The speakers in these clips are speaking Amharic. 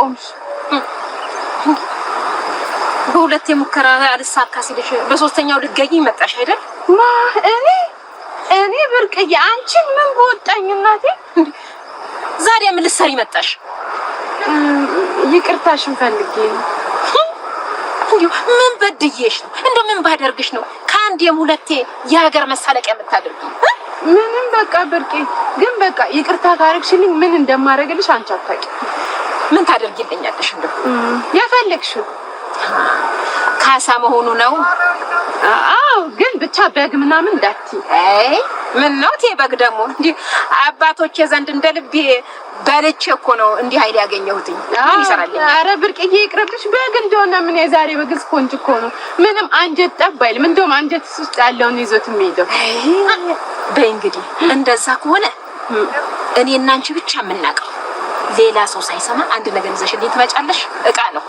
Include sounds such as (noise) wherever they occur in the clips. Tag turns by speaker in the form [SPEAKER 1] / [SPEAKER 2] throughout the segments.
[SPEAKER 1] ቆምሽ
[SPEAKER 2] በሁለት የሙከራ አልሳካ ሲልሽ በሶስተኛው ልትገኝ መጣሽ አይደል?
[SPEAKER 1] ማ እኔ እኔ ብርቅዬ፣ አንቺ ምን በወጣኝ እናቴ።
[SPEAKER 2] ዛሬ ምን ልትሰሪ መጣሽ?
[SPEAKER 1] ይቅርታሽን ፈልጌ
[SPEAKER 2] ምን በድዬሽ ነው? እንደ ምን ባደርግሽ ነው ከአንዴም ሁለቴ የሀገር መሳለቂያ የምታደርጊ?
[SPEAKER 1] ምንም በቃ ብርቄ፣ ግን በቃ ይቅርታ ካረግሽልኝ ምን እንደማደርግልሽ አንቺ አታውቂም።
[SPEAKER 2] ምን ታደርጊልኛለሽ? እንደው
[SPEAKER 1] የፈለግሽው
[SPEAKER 2] ካሳ መሆኑ ነው።
[SPEAKER 1] አዎ ግን ብቻ በግ ምናምን እንዳትዪ።
[SPEAKER 2] አይ ምን ነው ቴ በግ ደግሞ እንዲህ አባቶቼ ዘንድ እንደ ልቤ በልቼ እኮ ነው እንዲህ ኃይል ያገኘሁት።
[SPEAKER 1] ምን ይሰራልኝ? አረ ብርቅዬ ይቅርብሽ። በግ እንደሆነ ምን የዛሬ በግ ስፖንጅ እኮ ነው። ምንም አንጀት ጠብ አይልም። እንደውም አንጀት ውስጥ ያለውን ይዞት የሚሄደው።
[SPEAKER 2] በይ እንግዲህ እንደዛ ከሆነ እኔ እና አንቺ ብቻ የምናውቀው ሌላ ሰው ሳይሰማ አንድ ነገር ይዘሽ እንዴት ትመጫለሽ? እቃ ነው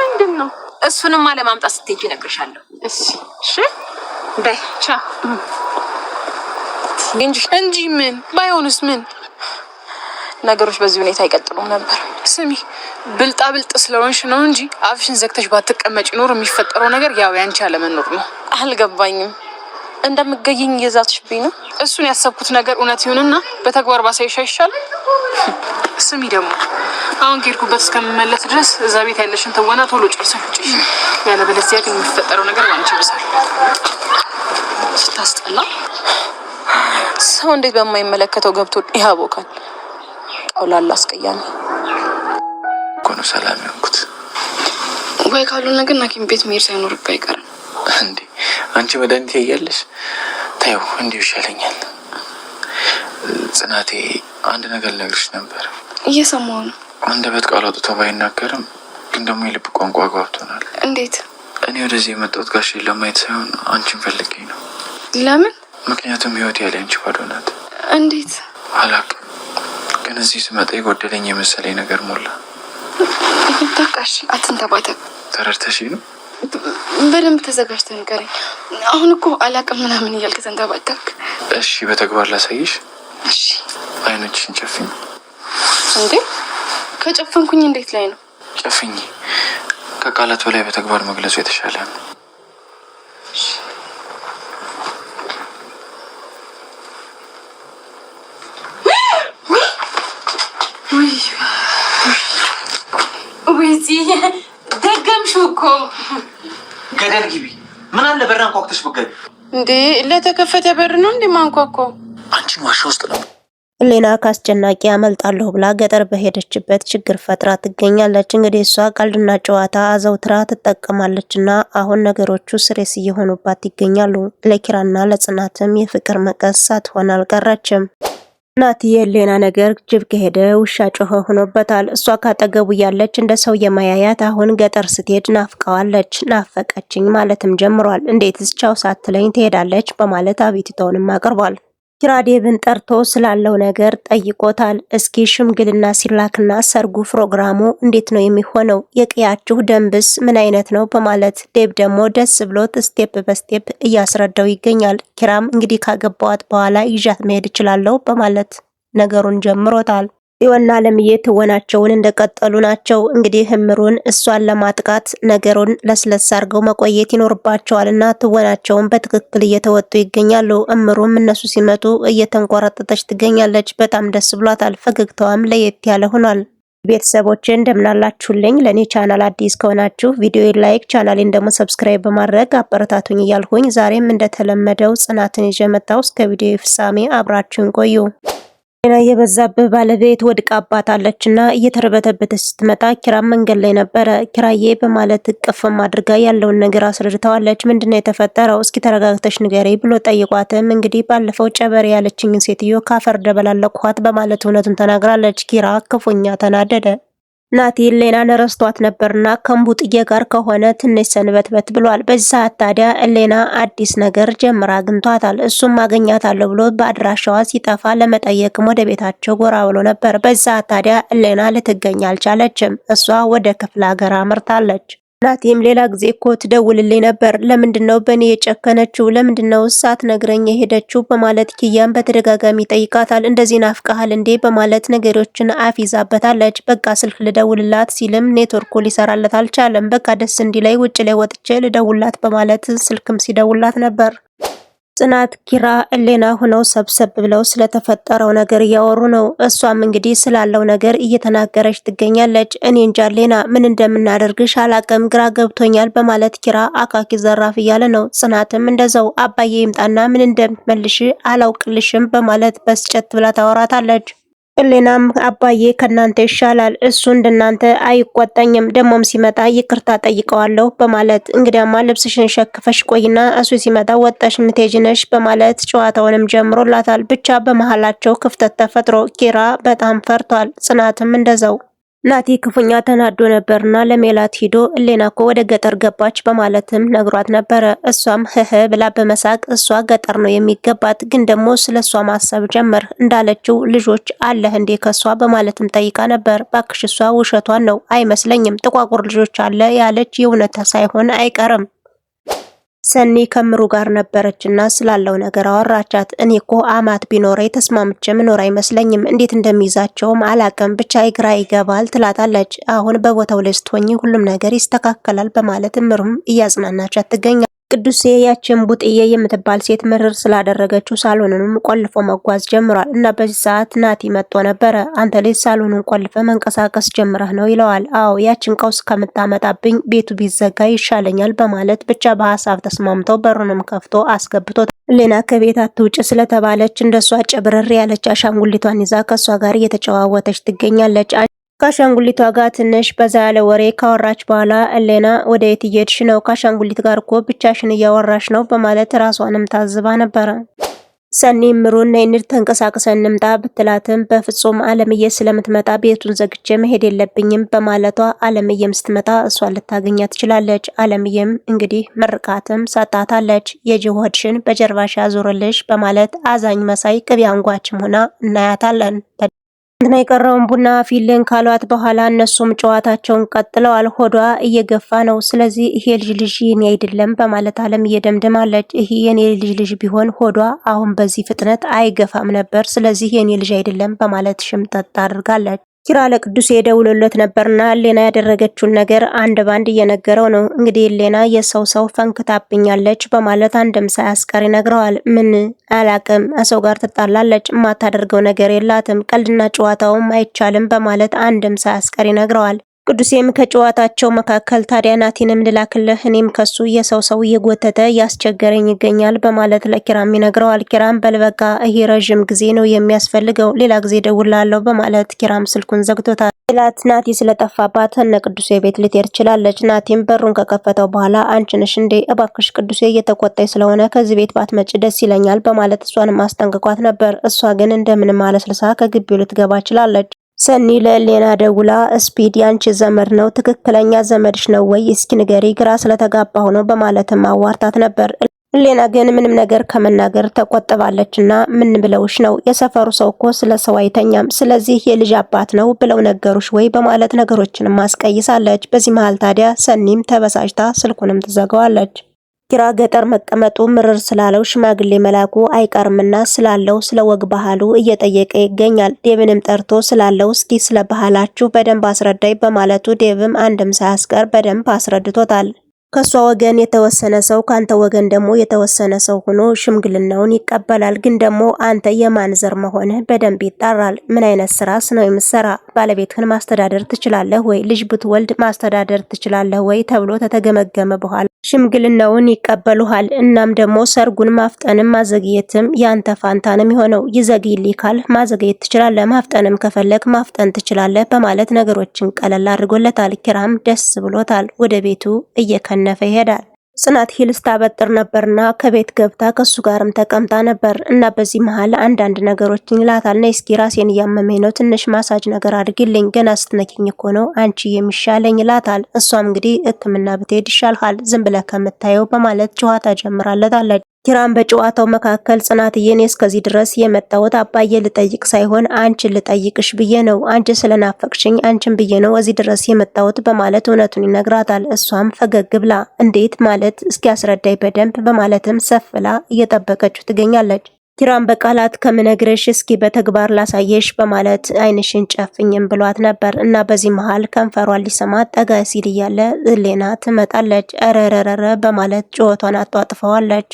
[SPEAKER 2] ምንድን ነው? እሱንማ ለማምጣት ስትሄጂ እነግርሻለሁ።
[SPEAKER 1] እሺ እሺ፣ በይ ቻው
[SPEAKER 3] እንጂ ምን ባይሆንስ? ምን ነገሮች በዚህ ሁኔታ አይቀጥሉም ነበር።
[SPEAKER 4] ስሚ ብልጣ ብልጥ ስለሆንሽ ነው እንጂ አፍሽን ዘግተሽ ባትቀመጭ ኖር የሚፈጠረው ነገር ያው ያንቺ አለመኖር ነው።
[SPEAKER 3] አልገባኝም እንደምገኝኝ እየዛትሽብኝ ነው።
[SPEAKER 4] እሱን ያሰብኩት ነገር እውነት ይሁንና በተግባር ባሳይሻ ይሻል። (laughs) ስሚ ደግሞ አሁን ከሄድኩበት እስከምመለስ ድረስ እዛ ቤት ያለሽን ትወና ቶሎ ጨርሰሽ ውጪሽ። ያለበለዚያ ግን የሚፈጠረው ነገር ማንች ብሳል ስታስጠላ።
[SPEAKER 3] ሰው እንዴት በማይመለከተው ገብቶ ያቦካል። ቀውላላ አስቀያሚ
[SPEAKER 5] ኮኑ ሰላም ይሆንኩት
[SPEAKER 3] ወይ ካልሆነ ግን ሐኪም ቤት መሄድ ሳይኖርብህ አይቀርም
[SPEAKER 5] እንዴ? አንቺ መድኃኒቴ እያለሽ ታየው እንዲሁ ይሻለኛል። ጽናቴ አንድ ነገር ልነግርሽ ነበር።
[SPEAKER 3] እየሰማሁ ነው።
[SPEAKER 5] አንደበት ቃል አውጥቶ ባይናገርም ግን ደግሞ የልብ ቋንቋ ጓብቶናል። እንዴት? እኔ ወደዚህ የመጣሁት ጋሽ ለማየት ሳይሆን አንቺን ፈልጌ ነው። ለምን? ምክንያቱም ህይወት ያለ አንቺ ባዶ ናት። እንዴት አላውቅም፣ ግን እዚህ ስመጣ የጎደለኝ የመሰለኝ ነገር ሞላ።
[SPEAKER 3] በቃ አትንተባተ
[SPEAKER 5] ተረድተሽ ነው
[SPEAKER 3] በደንብ ተዘጋጅተህ ንገረኝ። አሁን እኮ አላቅም ምናምን እያልክ ተንተባከብክ።
[SPEAKER 5] እሺ በተግባር ላሳይሽ። እሺ አይኖችሽን ጨፍኝ።
[SPEAKER 3] እንዴ ከጨፈንኩኝ እንዴት ላይ ነው?
[SPEAKER 5] ጨፍኝ። ከቃላት በላይ በተግባር መግለጹ የተሻለ ነው።
[SPEAKER 1] ወይ እኮ
[SPEAKER 6] ገደል ግቢ። ምን አለ
[SPEAKER 1] እንዴ? ለተከፈተ በር ነው እንዴ
[SPEAKER 6] አንቺን ዋሻ ውስጥ ነው።
[SPEAKER 7] ሌና ከአስጨናቂ አመልጣለሁ ብላ ገጠር በሄደችበት ችግር ፈጥራ ትገኛለች። እንግዲህ እሷ ቀልድና ጨዋታ አዘውትራ ትጠቀማለች አሁን ነገሮቹ ስሬስ እየሆኑባት ይገኛሉ። ለኪራና ለጽናትም የፍቅር መቀስ ሳትሆን አልቀረችም። ናት የሌና ነገር ጅብ ከሄደ ውሻ ጮኸ ሆኖበታል። እሷ ካጠገቡ ያለች እንደ ሰው የማያያት አሁን ገጠር ስትሄድ ናፍቀዋለች። ናፈቀችኝ ማለትም ጀምሯል። እንዴትስ ቻው ሳትለኝ ትሄዳለች በማለት አቤቱታውንም አቅርቧል። ኪራዴብን ጠርቶ ስላለው ነገር ጠይቆታል። እስኪ ሽምግልና ሲላክና ሰርጉ ፕሮግራሙ እንዴት ነው የሚሆነው? የቅያችሁ ደንብስ ምን አይነት ነው? በማለት ዴብ ደግሞ ደስ ብሎት ስቴፕ በስቴፕ እያስረዳው ይገኛል። ኪራም እንግዲህ ካገባዋት በኋላ ይዣት መሄድ እችላለሁ በማለት ነገሩን ጀምሮታል። ጽዮንና አለምዬ ትወናቸውን እንደቀጠሉ ናቸው። እንግዲህ እምሩን እሷን ለማጥቃት ነገሩን ለስለስ አርገው መቆየት ይኖርባቸዋልና ትወናቸውን በትክክል እየተወጡ ይገኛሉ። እምሩም እነሱ ሲመጡ እየተንቆረጠጠች ትገኛለች። በጣም ደስ ብሏታል። ፈገግታዋም ለየት ያለ ሆኗል። ቤተሰቦች እንደምናላችሁልኝ። ለእኔ ቻናል አዲስ ከሆናችሁ ቪዲዮ ላይክ፣ ቻናሌን ደግሞ ሰብስክራይብ በማድረግ አበረታቱኝ እያልኩኝ ዛሬም እንደተለመደው ጽናትን ይዤ መጣሁ። እስከ ቪዲዮ ፍጻሜ አብራችሁን ቆዩ። ጤና የበዛብህ ባለቤት ወድቃ ወድቃባታለች እና እየተረበተበት ስትመጣ ኪራም መንገድ ላይ ነበረ። ኪራዬ በማለት እቅፍም አድርጋ ያለውን ነገር አስረድተዋለች። ምንድነው የተፈጠረው? እስኪ ተረጋግተሽ ንገሬ ብሎ ጠይቋትም እንግዲህ ባለፈው ጨበሬ ያለችኝን ሴትዮ ካፈር ደበላለኳት በማለት እውነቱን ተናግራለች። ኪራ ክፉኛ ተናደደ። ናቲ ሌና ረስቷት ነበርና ከምቡጥዬ ጋር ከሆነ ትንሽ ሰንበትበት ብሏል። በዚህ ሰዓት ታዲያ እሌና አዲስ ነገር ጀምራ አግኝቷታል። እሱም አገኛታለሁ ብሎ በአድራሻዋ ሲጠፋ ለመጠየቅም ወደ ቤታቸው ጎራ ብሎ ነበር። በዚህ ሰዓት ታዲያ እሌና ልትገኝ አልቻለችም። እሷ ወደ ክፍለ ሀገር አምርታለች። ናቲም ሌላ ጊዜ እኮ ትደውልልኝ ነበር፣ ለምንድን ነው በእኔ የጨከነችው? ለምንድን ነው ሳትነግረኝ የሄደችው? በማለት ኪያን በተደጋጋሚ ጠይቃታል። እንደዚህ ናፍቀሃል እንዴ? በማለት ነገሮችን አፍ በቃ ስልክ ልደውልላት ሲልም ኔትወርኩ ሊሰራለት አልቻለም። በቃ ደስ እንዲ ላይ ውጭ ላይ ወጥቼ ልደውላት በማለት ስልክም ሲደውላት ነበር። ጽናት፣ ኪራ፣ እሌና ሆነው ሰብሰብ ብለው ስለተፈጠረው ነገር እያወሩ ነው። እሷም እንግዲህ ስላለው ነገር እየተናገረች ትገኛለች። እኔ እንጃ ሌና፣ ምን እንደምናደርግሽ አላቅም፣ ግራ ገብቶኛል በማለት ኪራ አካኪ ዘራፍ እያለ ነው። ጽናትም እንደዛው አባዬ ይምጣና ምን እንደምትመልሽ አላውቅልሽም በማለት በስጨት ብላ ታወራታለች። እሌናም አባዬ ከእናንተ ይሻላል፣ እሱ እንደናንተ አይቆጣኝም፣ ደግሞም ሲመጣ ይቅርታ ጠይቀዋለሁ በማለት እንግዲያማ ልብስሽን ሸክፈሽ ቆይና እሱ ሲመጣ ወጣሽ ምትሄጂ ነሽ በማለት ጨዋታውንም ጀምሮላታል። ብቻ በመሃላቸው ክፍተት ተፈጥሮ ኪራ በጣም ፈርቷል፣ ጽናትም እንደዛው። ናቲ ክፉኛ ተናዶ ነበርና ለሜላት ሂዶ እሌና እኮ ወደ ገጠር ገባች በማለትም ነግሯት ነበረ። እሷም ህህ ብላ በመሳቅ እሷ ገጠር ነው የሚገባት፣ ግን ደግሞ ስለ እሷ ማሰብ ጀመር። እንዳለችው ልጆች አለህ እንዴ ከሷ በማለትም ጠይቃ ነበር። ባክሽ እሷ ውሸቷን ነው አይመስለኝም፣ ጥቋቁር ልጆች አለ ያለች የእውነታ ሳይሆን አይቀርም ሰኒ ከምሩ ጋር ነበረችና ስላለው ነገር አወራቻት። እኔ እኮ አማት ቢኖረ ተስማምቼ ምኖር አይመስለኝም። እንዴት እንደሚይዛቸውም አላቅም፣ ብቻ ይግራ ይገባል ትላታለች። አሁን በቦታው ላይ ስትሆኚ ሁሉም ነገር ይስተካከላል በማለት ምሩም እያጽናናቻት ትገኛል። ቅዱስ ያችን ቡጥዬ የምትባል ሴት ምርር ስላደረገችው ሳሎኑንም ቆልፎ መጓዝ ጀምሯል። እና በዚህ ሰዓት ናቲ መጥቶ ነበረ። አንተ ልጅ ሳሎኑን ቆልፈ መንቀሳቀስ ጀምረህ ነው ይለዋል። አዎ ያችን ቀውስ ከምታመጣብኝ ቤቱ ቢዘጋ ይሻለኛል በማለት ብቻ በሀሳብ ተስማምተው በሩንም ከፍቶ አስገብቶ ሌና ከቤት አትውጭ ስለተባለች እንደሷ ጨብረር ያለች አሻንጉሊቷን ይዛ ከእሷ ጋር እየተጨዋወተች ትገኛለች። ከአሻንጉሊቷ ጋር ትንሽ በዛ ያለ ወሬ ካወራች በኋላ እሌና ወደ የት እየሄድሽ ነው? ከአሻንጉሊት ጋር እኮ ብቻሽን እያወራሽ ነው በማለት ራሷንም ታዝባ ነበረ። ሰኒ ምሩን ነይንድ ተንቀሳቅሰን እንምጣ ብትላትም በፍጹም አለምዬ ስለምትመጣ ቤቱን ዘግቼ መሄድ የለብኝም በማለቷ አለምዬም ስትመጣ እሷን ልታገኛ ትችላለች። አለምዬም እንግዲህ ምርቃትም ሰጣታለች። የጅሆድሽን በጀርባሽ ያዙርልሽ በማለት አዛኝ መሳይ ቅቤ አንጓችም ሆና እናያታለን። እንትና የቀረውን ቡና ፊልን ካሏት በኋላ እነሱም ጨዋታቸውን ቀጥለዋል። ሆዷ እየገፋ ነው። ስለዚህ ይሄ ልጅ ልጅ የኔ አይደለም በማለት አለም እየደምድማለች። ይሄ የኔ ልጅ ልጅ ቢሆን ሆዷ አሁን በዚህ ፍጥነት አይገፋም ነበር። ስለዚህ የኔ ልጅ አይደለም በማለት ሽምጠጥ አድርጋለች። ኪራ ለቅዱስ የደውሎለት ነበርና ሌና ያደረገችውን ነገር አንድ ባንድ እየነገረው ነው። እንግዲህ ሌና የሰው ሰው ፈንክታብኛለች በማለት አንድም ሳያስቀር ይነግረዋል። ምን አላቅም፣ ከሰው ጋር ትጣላለች፣ የማታደርገው ነገር የላትም፣ ቀልድና ጨዋታውም አይቻልም በማለት አንድም ሳያስቀር ይነግረዋል። ቅዱሴም ከጨዋታቸው መካከል ታዲያ ናቲንም ልላክልህ እኔም ከሱ የሰው ሰው እየጎተተ ያስቸገረኝ ይገኛል በማለት ለኪራም ይነግረዋል። ኪራም በልበቃ ይሄ ረዥም ጊዜ ነው የሚያስፈልገው ሌላ ጊዜ ደውላለሁ በማለት ኪራም ስልኩን ዘግቶታል። ላት ናቲ ስለጠፋባት እነ ቅዱሴ ቤት ልትሄድ ትችላለች። ናቲም በሩን ከከፈተው በኋላ አንቺ ነሽ እንዴ? እባክሽ ቅዱሴ እየተቆጣኝ ስለሆነ ከዚህ ቤት ባትመጭ ደስ ይለኛል በማለት እሷን ማስጠንቅቋት ነበር። እሷ ግን እንደምንም አለስልሳ ከግቢው ልትገባ ችላለች። ሰኒ ለሌና ደውላ ስፒድ ያንቺ ዘመድ ነው ትክክለኛ ዘመድሽ ነው ወይ እስኪ ንገሪ ግራ ስለተጋባሁ ነው በማለትም አዋርታት ነበር። ሌና ግን ምንም ነገር ከመናገር ተቆጥባለች እና ምን ብለውሽ ነው የሰፈሩ ሰው እኮ ስለ ሰው አይተኛም ስለዚህ የልጅ አባት ነው ብለው ነገሩሽ ወይ በማለት ነገሮችንም አስቀይሳለች። በዚህ መሀል ታዲያ ሰኒም ተበሳጭታ ስልኩንም ትዘጋዋለች። ኪራ ገጠር መቀመጡ ምርር ስላለው ሽማግሌ መላኩ አይቀርምና ስላለው ስለ ወግ ባህሉ እየጠየቀ ይገኛል። ዴብንም ጠርቶ ስላለው እስኪ ስለ ባህላችሁ በደንብ አስረዳይ በማለቱ ዴብም አንድም ሳያስቀር በደንብ አስረድቶታል። ከእሷ ወገን የተወሰነ ሰው ከአንተ ወገን ደግሞ የተወሰነ ሰው ሆኖ ሽምግልናውን ይቀበላል። ግን ደግሞ አንተ የማን ዘር መሆንህ በደንብ ይጣራል። ምን አይነት ስራስ ነው የምትሰራ? ባለቤትህን ማስተዳደር ትችላለህ ወይ? ልጅ ብትወልድ ማስተዳደር ትችላለህ ወይ? ተብሎ ተተገመገመ በኋላ ሽምግልናውን ይቀበሉሃል። እናም ደግሞ ሰርጉን ማፍጠንም ማዘግየትም ያንተ ፋንታ ነው የሚሆነው። ማዘግየት ትችላለህ፣ ማፍጠንም ከፈለግ ማፍጠን ትችላለህ በማለት ነገሮችን ቀለል አድርጎለታል። ኪራም ደስ ብሎታል። ወደ ቤቱ እየከነ እየተሸነፈ ይሄዳል። ጽናት ሂልስ ታበጥር ነበርና ከቤት ገብታ ከሱ ጋርም ተቀምጣ ነበር እና በዚህ መሀል አንዳንድ ነገሮችን ይላታል። ነይ እስኪ ራሴን እያመመኝ ነው፣ ትንሽ ማሳጅ ነገር አድርግልኝ። ገና ስትነኪኝ እኮ ነው አንቺ የሚሻለኝ ይላታል። እሷም እንግዲህ ሕክምና ብትሄድ ይሻልሃል ዝም ብለህ ከምታየው በማለት ጨዋታ ጀምራለታለች። ኪራን በጨዋታው መካከል ጽናትዬ እኔ እስከዚህ ድረስ የመጣሁት አባዬ ልጠይቅ ሳይሆን አንቺን ልጠይቅሽ ብዬ ነው፣ አንቺ ስለናፈቅሽኝ አንቺን ብዬ ነው እዚህ ድረስ የመጣሁት በማለት እውነቱን ይነግራታል። እሷም ፈገግ ብላ እንዴት ማለት እስኪ አስረዳይ በደንብ በማለትም ሰፍላ እየጠበቀችው ትገኛለች። ኪራን በቃላት ከምነግርሽ እስኪ በተግባር ላሳየሽ በማለት አይንሽን ጨፍኝም ብሏት ነበር እና በዚህ መሃል ከንፈሯን ሊሰማት ጠጋ ሲል እያለ ሌና ትመጣለች። ረረረረ በማለት ጩኸቷን አጧጥፈዋለች።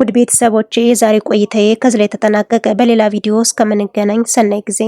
[SPEAKER 7] ውድ ቤተሰቦቼ የዛሬ ቆይታዬ ከዚህ ላይ ተጠናቀቀ። በሌላ ቪዲዮ እስከምንገናኝ ሰናይ ጊዜ